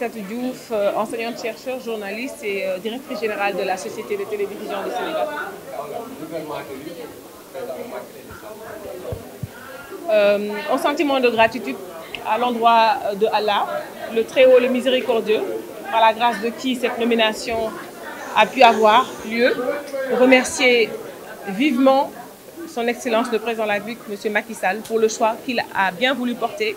Nafissatou Diouf euh, enseignante chercheur journaliste et euh, directrice générale de la société de télévision du Sénégal. Euh, sentiment de gratitude à l'endroit de le Très-Haut, le Miséricordieux, par la grâce de qui cette nomination a pu avoir lieu. Remercier vivement son Excellence le Président la République, M. Macky pour le choix qu'il a bien voulu porter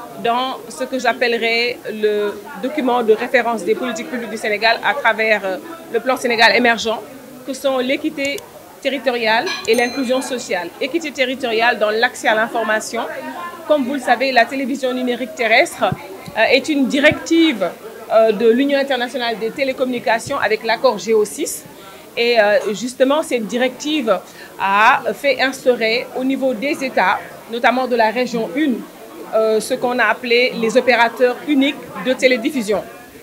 dans ce que j'appellerais le document de référence des politiques publiques du Sénégal à travers euh, le plan Sénégal émergent, que sont l'équité territoriale et l'inclusion sociale. Équité territoriale dans l'accès à l'information. Comme vous le savez, la télévision numérique terrestre euh, est une directive euh, de l'Union internationale des télécommunications avec l'accord GEO6. Et justement, cette directive a fait instaurer au niveau des États, notamment de la région 1, Euh, ce qu'on a appelé les opérateurs uniques de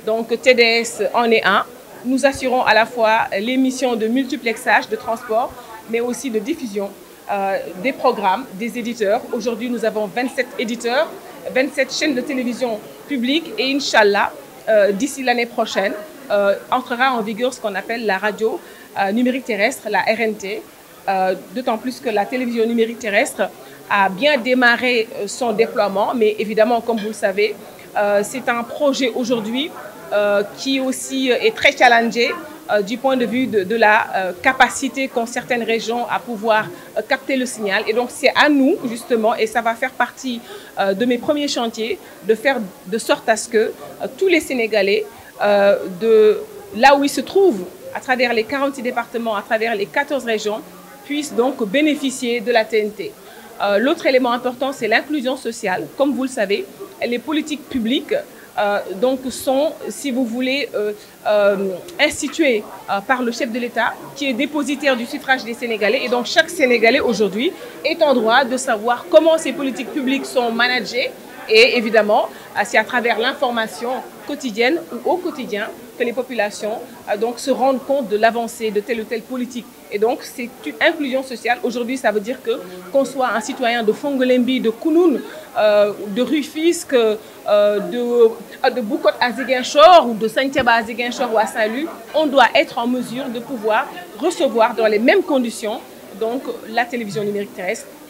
Donc TDS en est un. Nous assurons à la fois les missions de multiplexage, de transport, mais aussi de diffusion euh, des programmes, des éditeurs. Aujourd'hui, nous avons 27 éditeurs, 27 chaînes de télévision publiques et Inch'Allah, euh, d'ici l'année prochaine, euh, entrera en vigueur ce qu'on appelle la radio euh, numérique terrestre, la RNT, euh, d'autant plus que la télévision numérique terrestre a bien démarré euh, son déploiement, mais évidemment, comme vous le savez, euh, c'est projet aujourd'hui euh, qui aussi euh, est très challengé euh, point de vue de, de la euh, capacité qu'ont certaines régions à pouvoir capter le donc c'est à nous, justement, et ça va faire partie de mes premiers chantiers, de faire que tous les Sénégalais, de là où ils se trouvent, à travers les 46 départements, à travers donc bénéficier de la TNT. Euh, L'autre élément important, c'est l'inclusion sociale. Comme vous le savez, les politiques publiques euh, donc sont, si vous voulez, euh, euh instituées euh, par le chef de l'État, qui est dépositaire du suffrage des Sénégalais. Et donc chaque Sénégalais aujourd'hui est en droit de savoir comment ces politiques publiques sont managées. Et évidemment, c'est à travers l'information quotidienne ou au quotidien que les populations euh, donc, se rendent compte de l'avancée de telle ou telle politique. Et donc, c'est une inclusion sociale. Aujourd'hui, ça veut dire que qu'on soit un citoyen de Fongolembi, de Kounoun, euh, de Rufisque, euh, de, euh, de Boukot à Ziguinchor ou de Saint-Thiaba à Ziguinchor ou à saint on doit être en mesure de pouvoir recevoir dans les mêmes conditions donc la télévision numérique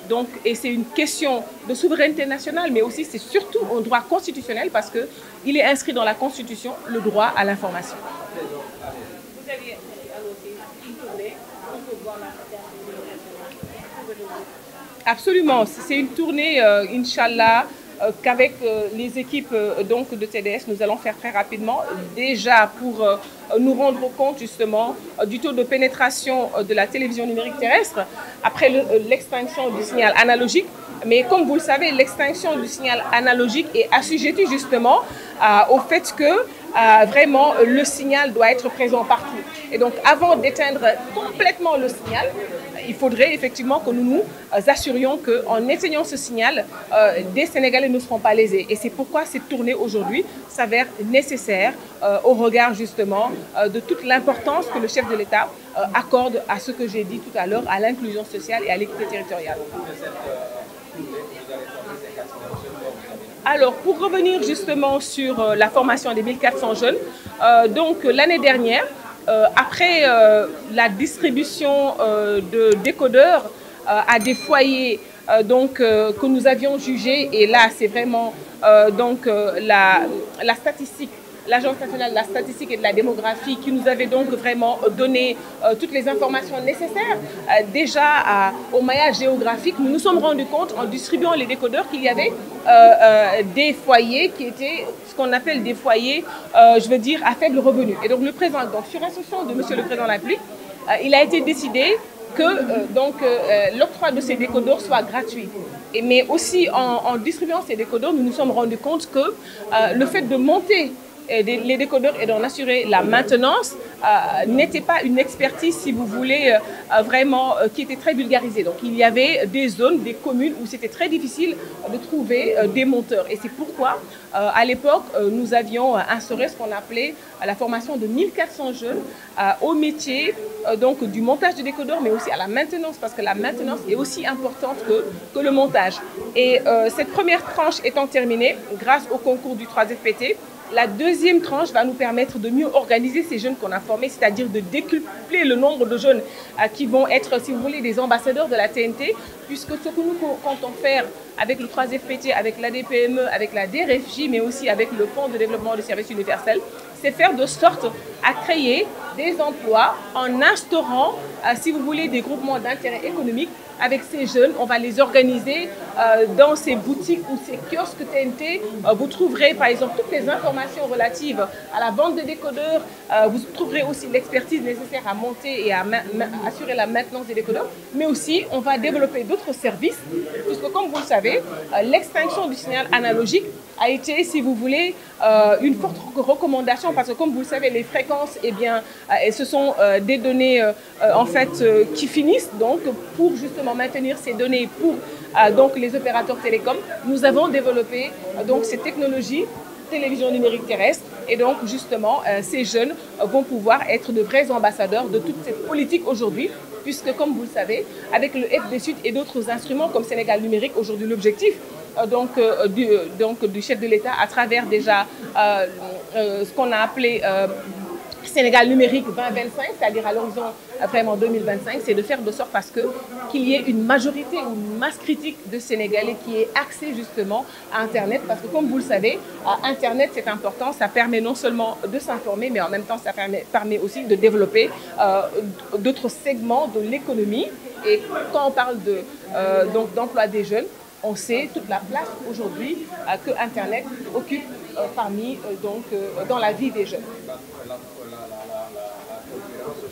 Donc, et c'est une question de souveraineté nationale, mais aussi c'est surtout un droit constitutionnel parce qu'il est inscrit dans la Constitution le droit à l'information. Vous aviez annoncé une tournée, on Absolument, c'est une tournée, euh, Inch'Allah, Euh, qu'avec euh, les équipes euh, donc de TDS, nous allons faire très rapidement, déjà pour nous rendre compte justement du taux de pénétration de la télévision numérique terrestre après l'extinction du signal analogique. Mais comme vous le savez, l'extinction du signal analogique est assujettie justement euh, au fait que euh, vraiment le signal doit être présent partout. Et donc avant d'éteindre complètement le signal, il faudrait effectivement que nous euh, assurions qu'en éteignant ce signal, euh, des Sénégalais ne seront pas lésés. Et c'est pourquoi cette tournée aujourd'hui s'avère nécessaire euh, au regard euh, de toute l'importance que le chef de l'État accorde à ce que j'ai dit tout à l'heure, à l'équité territoriale. pour revenir justement sur la formation des jeunes, donc l'année dernière, Euh, après euh, la distribution euh, de décodeurs à des foyers donc, que nous avions jugés, et là c'est vraiment donc, la, la statistique l'Agence nationale de la statistique et de la démographie qui nous avait donc vraiment euh, euh, toutes les informations nécessaires. Euh, déjà au maillage géographique, nous nous sommes rendus compte en distribuant les décodeurs qu'il y avait des foyers qui étaient ce qu'on appelle des foyers, je veux dire, à faible revenu. Et donc le donc le Président de la République, il a été décidé que euh, donc euh, l'octroi de ces décodeurs soit gratuit. Et, mais aussi en, distribuant ces décodeurs, et des, les décodeurs et d'en assurer la maintenance euh, n'était pas une expertise, si vous voulez, euh, euh, vraiment qui était très vulgarisée. Donc il y avait des zones, des communes où c'était très difficile de trouver des monteurs. Et c'est pourquoi, à l'époque, nous avions instauré ce qu'on appelait la formation de jeunes au métier donc, du montage de décodeurs, mais aussi à la maintenance, parce que la maintenance est aussi importante que, que le montage. Et cette première tranche étant La deuxième tranche va nous permettre de mieux organiser ces jeunes qu'on a formés, c'est-à-dire de décupler le nombre de jeunes euh, qui vont être, si vous voulez, des ambassadeurs de la TNT, puisque ce que nous comptons faire avec le fpt avec l'ADPME, avec la DRFJ, e, mais aussi avec le Fonds de développement du service universel, c'est faire de sorte à créer des emplois en instaurant, euh, si vous voulez, des groupements d'intérêt économique avec ces jeunes. On va les organiser euh, dans ces boutiques ou ces kiosques TNT. Euh, vous trouverez par exemple toutes les informations relatives à la vente de décodeurs. vous trouverez aussi l'expertise nécessaire à monter et à assurer la maintenance des décodeurs. Mais aussi, on va développer d'autres services, puisque comme vous le savez, l'extinction du signal analogique conséquence, eh bien, euh, ce sont euh, des données euh, en fait qui finissent. Donc, pour justement maintenir ces données pour donc les opérateurs télécoms, nous avons développé donc ces technologies télévision numérique terrestre. Et donc, justement, euh, ces jeunes vont pouvoir être de vrais ambassadeurs de toute cette politique aujourd'hui, puisque, comme vous le savez, avec le FD Sud et d'autres instruments comme Sénégal numérique, aujourd'hui, l'objectif donc, euh, du, donc, du chef de l'État, à travers déjà ce qu'on Sénégal numérique 2025, c'est-à-dire à, à l'horizon vraiment 2025, c'est que qu'il y ait une majorité, une masse critique que comme vous le savez, Internet c'est important, ça permet non seulement de s'informer, mais en même temps ça permet, de développer euh, d'autres euh, donc d'emploi des jeunes, on sait toute euh, euh, donc dans la vie des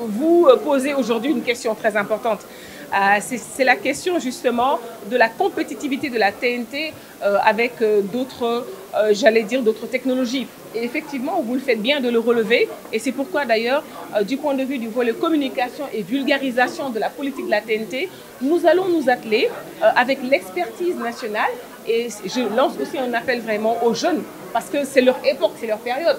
vous euh, posez aujourd'hui une question très importante. Euh, c'est la question justement de la compétitivité de la TNT euh, avec d'autres, j'allais dire, d'autres technologies. Et effectivement, vous le faites bien de le relever. Et c'est pourquoi d'ailleurs, du point de vue du volet communication et vulgarisation de la politique de la TNT, nous allons nous atteler avec l'expertise nationale. Et je lance aussi un appel vraiment aux jeunes, parce que c'est leur époque, c'est leur période.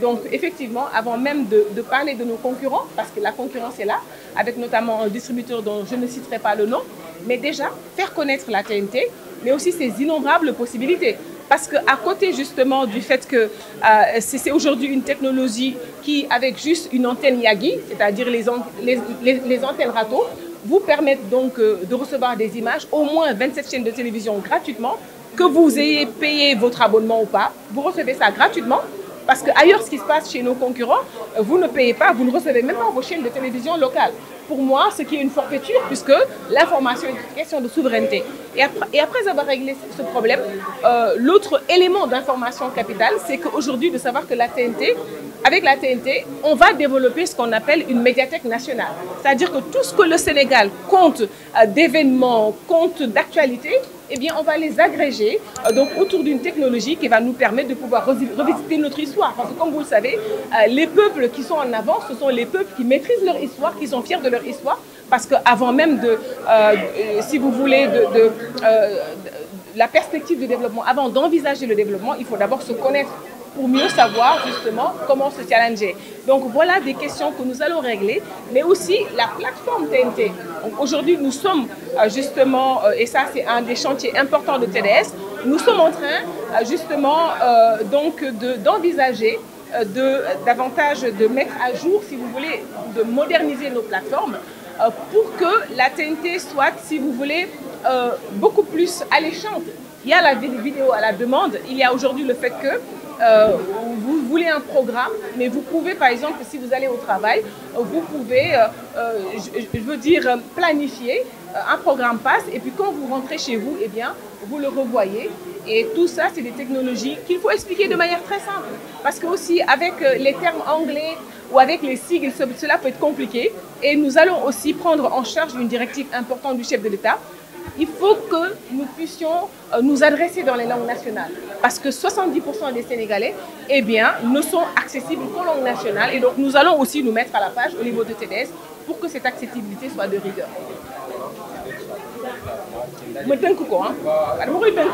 Donc effectivement, avant même de, de, parler parce que la concurrence est là, avec notamment un distributeur dont je ne citerai pas le nom, mais déjà faire connaître la TNT, mais aussi ses innombrables possibilités. Parce qu'à côté justement du euh, technologie qui, avec juste une antenne Yagi, à dire les, les, les, les, antennes râteaux, vous permettent donc euh, de recevoir des au moins 27 chaînes de télévision gratuitement, que vous ayez payé votre abonnement ou pas, vous recevez ça Parce que ailleurs, ce qui se passe chez nos concurrents, vous ne payez pas, vous ne recevez même pas vos chaînes de télévision locales. Pour moi, ce qui est une forfaiture, puisque l'information est une question de souveraineté. Et après, et après avoir réglé ce problème, euh, l'autre élément d'information capitale, c'est qu'aujourd'hui, de savoir que la TNT, avec la TNT, on va développer ce qu'on appelle une médiathèque nationale. C'est-à-dire que tout ce que le Sénégal compte euh, d'événements, compte d'actualités, eh bien, on va les agréger euh, donc autour d'une technologie qui va nous permettre de pouvoir revisiter notre histoire. Parce que comme vous le savez, euh, les peuples qui sont en avance, ce sont les peuples qui maîtrisent leur histoire, qui sont fiers de leur histoire. Parce qu'avant même de, euh, euh, si vous voulez, de, de euh, la perspective du développement, avant d'envisager le développement, il faut d'abord se connaître. pour mieux savoir justement comment se challenger. Donc voilà des questions que nous allons régler, mais aussi la plateforme TNT. Aujourd'hui, nous sommes euh, justement, euh, et ça c'est un des chantiers importants de TDS, nous sommes en train euh, donc d'envisager de, de, davantage de mettre à jour, si vous voulez, de moderniser nos plateformes euh, pour que la TNT soit, si vous voulez, beaucoup plus alléchante. Il y à la demande, il y a aujourd'hui le fait que euh, vous voulez un programme, mais vous pouvez, par exemple, si vous allez au travail, vous pouvez, euh, euh je, je, veux dire, euh, planifier euh, un programme passe, et puis quand vous rentrez chez vous, eh bien, vous le revoyez. Et tout ça, c'est des technologies qu'il faut expliquer de manière très simple. Parce que aussi, avec les termes anglais ou avec les sigles, cela peut être compliqué. Et nous allons aussi prendre en charge une directive importante du chef de l'État il faut que nous puissions euh, nous adresser dans les langues nationales. Parce que 70% des Sénégalais eh bien, ne sont accessibles qu'aux langues nationales. Et donc nous allons aussi nous mettre à la page au niveau de TDS pour que cette accessibilité soit de rigueur. ma tënk ko ah en loxo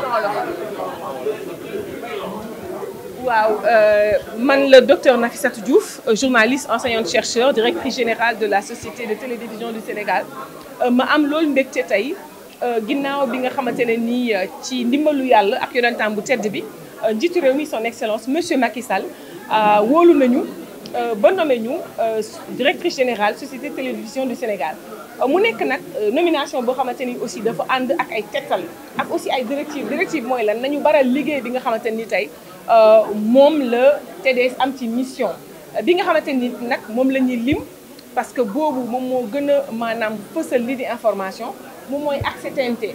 waaw euh, man la docteur Nafissatou Diouf euh, journaliste enseignante chercheur directrice générale de la société de télévision du Sénégal ma am loolu mbégte tey Euh, ginnaaw bi nga xamante ne nii euh, ci ndimbalu yàlla ak yonentam bu tedd bi euh, njiitu réew mi son excellence monsieur Macky Sall wóolu nañu ba nommé ñu directrice générale société télévision du Sénégal mu nekk nag nomination boo xamante ni aussi dafa ànd ak ay tegtal ak aussi ay directive directive mooy lan nañu baral liggéey bi nga xamante ni tey moom la te TDS am ci mission bi nga xamante ni nag moom la ñuy lim parce que boobu moom moo gën a maanaam fësal li di information moom mooy accès TNT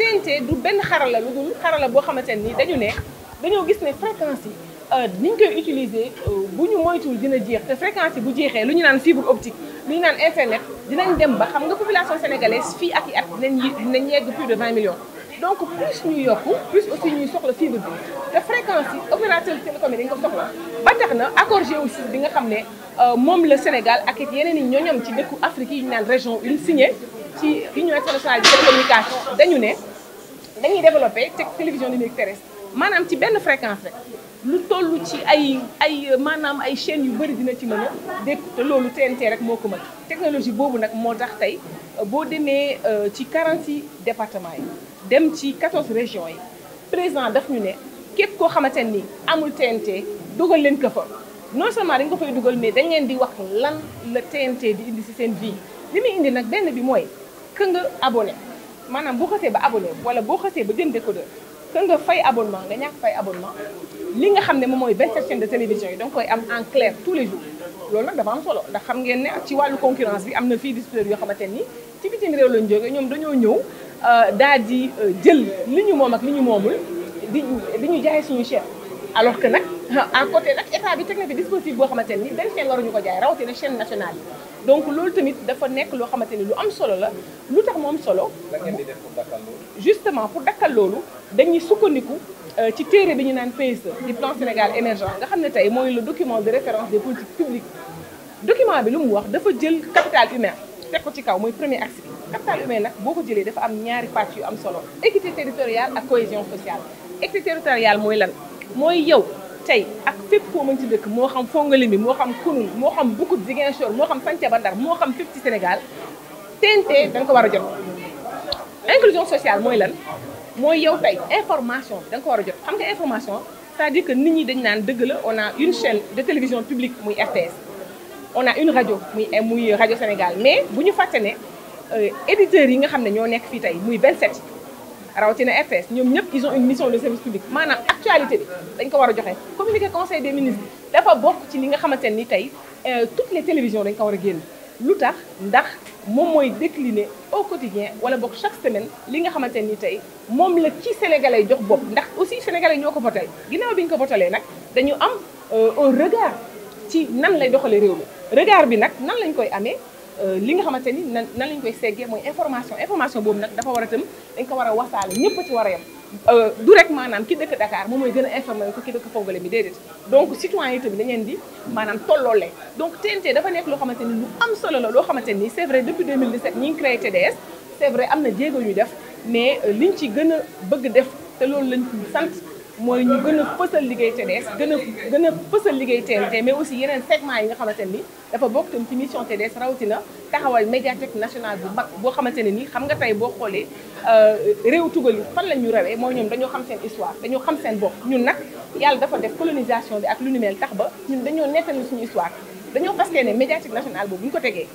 TNT du benn xarala lu dul xarala boo xamante ne nii dañu ne dañoo gis ne fréquence yi euh, ni ñu koy utiliser euh, bu ñu moytuwul dina jeex te fréquence yi bu jeexee lu ñu naan fibre optique lu ñu naan internet dinañ dem ba xam nga population sénégalaise fii ak i at dinañ dinañ yegg plus de 20 millions. donc plus ñu yokk plus aussi ñuy soxla fibre bi te fréquence yi opérateur télécom yi dañ soxla ba tax na accord Géocis bi nga xam ne euh, moom la Sénégal ak it yeneen i ñooñam ci dëkku Afrique yi ñu naan région une signé ci union internationale de télécommunication dañu ne dañuy développé teg télévision numérique terrestre maanaam ci benn fréquence rek lu toll ci ay ay maanaam ay chaînes yu bëri dina ci mën a dégg te loolu TNT rek moo ko mën technologie boobu nag moo tax tey euh, boo demee euh, ci 46 départements yi dem ci 14 régions yi président daf ñu ne képp koo xamante ni amul TNT dogal leen ko fa non seulement dañ ko fay dugal mais dañ leen di wax lan la TNT di indi si seen vie li muy indi nag benn bi mooy que nga abonné maanaam boo xasee ba abonné wala boo xasee ba jënd décodeur que nga fay abonnement nga ñàkk fay abonnement li nga xam ne moom mooy vingt-sept chaînes de télévision yi da koy am en clair tous les jours loolu nag dafa am solo ndax xam ngeen ne ci wàllu concurrence bi am na fii distributeurs yoo xamante ni ci bitim réew lañ jógee ñoom dañoo ñëw euh, daal di euh, jël li ñu moom ak li ñu moomul di di ñu jaay suñu chaîne alors que nag à côté nag état bi teg na fi dispositif boo xamante ni benn chaîne waruñu ko jaay rawatina chaîne nationale yi donc loolu tamit dafa nekk loo xamante ni lu am solo la lu tax moom solo justement pour dakkal loolu dañuy sukkandiku euh, ci téere bi ñu naan PSE di plan Sénégal émergent nga xam ne tey mooy le document de référence des politiques publiques document bi lu mu wax dafa jël capital humain teg ko ci kaw mooy premier axe bi capital humain nag boo ko jëlee dafa am ñaari pàcc yu am solo équité territoriale ak cohésion sociale équité territoriale mooy lan mooy yow tey ak fépp foo mën ci dëkk moo xam Fongolimbi moo xam Kounoune moo xam Boucoute Ziguinchor moo xam Santhiaba Ndar moo xam fépp ci Sénégal TNT da nga ko war a jot inclusion sociale mooy lan mooy yow tey information da ko war a jot xam nga information c'est-à-dire que nit ñi dañ naan dëgg la on a une chaîne de télévision publique muy RTS on a une radio muy muy rajo Sénégal mais bu ñu fàtte ne euh, éditeurs yi nga xam ne ñoo nekk fii tey muy 27 rawatina RTS ñoom ñëpp ils ont une mission de service public maanaam actualité bi dañ ko war a joxe communiqué conseil des ministres dafa bokk ci li nga xamante ne ni tey euh, toutes les télévisions dañ ko war a génn lu tax ndax moom mooy décliner au quotidien wala bokk chaque semaine li nga xamante ni tey moom la ci sénégalais jox bopp ndax aussi sénégalais ñoo ko votal ginnaaw bi ñu ko votalee nag dañu am euh, un regard ci nan lay doxalee réew mi regard bi nag nan lañ koy amee Euh, li nga xamante ni nan nan lañ koy seggee mooy information information boobu nag dafa war a tam dañ ko war a wasaale ñëpp ci war a yem euh, du rek maanaam ki dëkk Dakar moom mooy gën a informé ko ki dëkk Fongolé bi déedéet donc citoyen yi tamit dañ leen di maanaam tolloole donc TNT dafa nekk loo xamante ni lu am solo la loo xamante ni c'est vrai depuis 2017 ñi ngi créé c'est vrai am na jéego ñu def mais euh, liñ ci gën a bëgg def te loolu la sant mooy ñu gën a fësal liggéey TDS gën a gën a fësal liggéey TNT mais aussi yeneen segment yi nga xamante ne ni dafa bokk tam ci mission TDS rawatina taxawal médiathèque nationale bu mag boo xamante ne ni xam nga tey boo xoolee euh, réew tugal yi fan la ñu rawee mooy ñoom dañoo xam seen histoire dañoo xam seen bopp ñun nag yàlla dafa def colonisation bi ak lu ni mel tax ba ñun dañoo nettali suñu histoire dañoo fas yéene médiathèque nationale boobu ñu ko tegee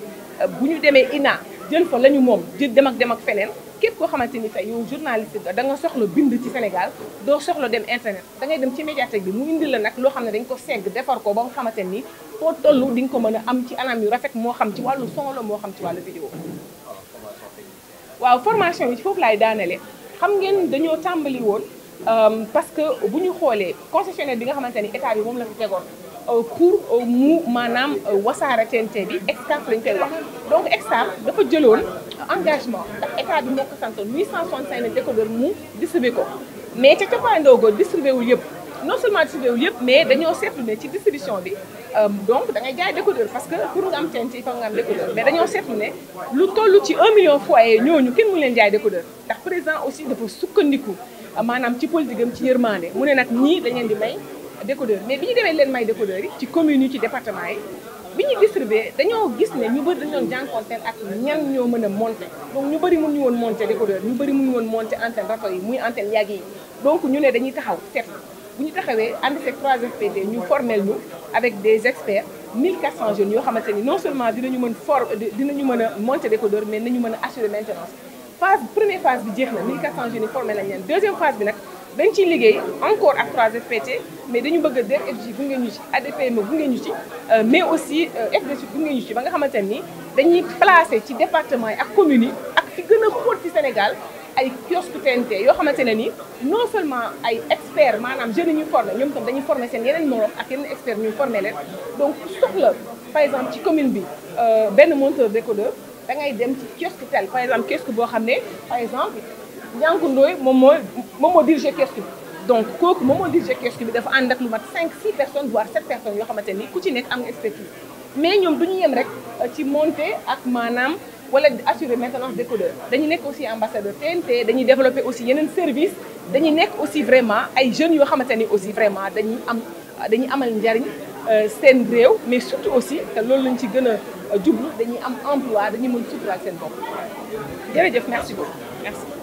euh, bu ñu demee INA jël fa la ñu moom jël dem ak dem ak feneen képp koo xamante ni tey yow journaliste da nga soxla bind ci Sénégal doo soxla dem internet dangay ngay dem ci médiathèque bi mu indi la nag loo xam ne dañ ko segg defar ko ba nga xamante ni foo toll di nga ko mën a am ci anam yu rafet moo xam ci wàllu son la moo xam ci wàllu vidéo waaw formation bi foofu laay daanale xam ngeen dañoo tàmbali woon euh, parce que bu ñu xoolee concessionnaire bi nga xamante ni état bi moom la fi tegoon euh, pour euh, mu maanaam wasaare TNT bi Excaf lañ koy wax donc Excaf dafa jëloon engagement ndax état bi moo ko santoon 865 nañ décodeur mu distribué ko mais ca cappaandoo go distribué wul yëpp non seulement distribué wul yëpp mais dañoo seetlu ne ci distribution bi euh, donc da ngay jaay décodeur parce que pour nga am teen ci fa nga am décodeur mais dañoo seetlu ne lu toll ci 1 million foyer ñooñu kenn mu leen jaay décodeur ndax président aussi dafa sukkandiku euh, maanaam ci politique am ci yërmande mu ne nag nii dañ leen di may décodeur mais bi ñu demee leen may décodeur ci commune yi ci département yi bi ñuy distribué dañoo gis ne ñu bëri dañu doon jànkonteel ak ñan ñoo mën a monté donc ñu bëri mënuñu woon monté décodeur ñu bëri mënuñu woon monté antenne rato yi muy antenne yàgg yi donc ñu ne dañuy taxaw seet bu ñu taxawee ànd seeg 3FPT ñu formel ñu avec des experts 1400 jeunes yoo xamante ni non seulement dinañu mën for dinañu mën a monté décodeur mais nañu mën a maintenance phase première phase bi jeex na 1400 yi formé nañ leen dañ ciy liggéey encore ak 3FPT mais dañu bëgg a DER/FJ gunge ñu ci ADPME gunge ñu ci euh, mais aussi euh, FDS gunge ñu ci ba nga xamante ni dañuy placer ci département yi ak communes yi ak fi gën a xóot ci Sénégal ay kiosque TNT yoo xamante ne ni non seulement ay experts maanaam jeunes ñu formé ñoom tam dañuy formé seen yeneen morom ak yeneen experts ñu formé leen donc soxla par exemple ci commune bi euh, benn monteur décodeur da ngay dem ci kiosque tel par exemple kiosque boo xam ne par Ndiankou Ndoye moom moo moom moo dirigé kees bi donc kooku moom moo dirigé kees bi dafa ànd ak lu mat 5 6 personnes voire 7 personnes yoo xamante ni ku ci nekk am nga expertise mais ñoom du ñu yem rek euh, ci monter ak maanaam wala assurer maintenance décodeur dañu nekk aussi ambassadeur TNT dañuy développer aussi yeneen service dañuy nekk aussi vraiment ay jeunes yoo xamante ni aussi vraiment dañuy am dañuy amal njariñ euh, seen réew mais surtout aussi te loolu lañ ci gën a euh, jublu dañuy am emploi dañuy mën suturaal seen bopp jërëjëf merci beaucoup merci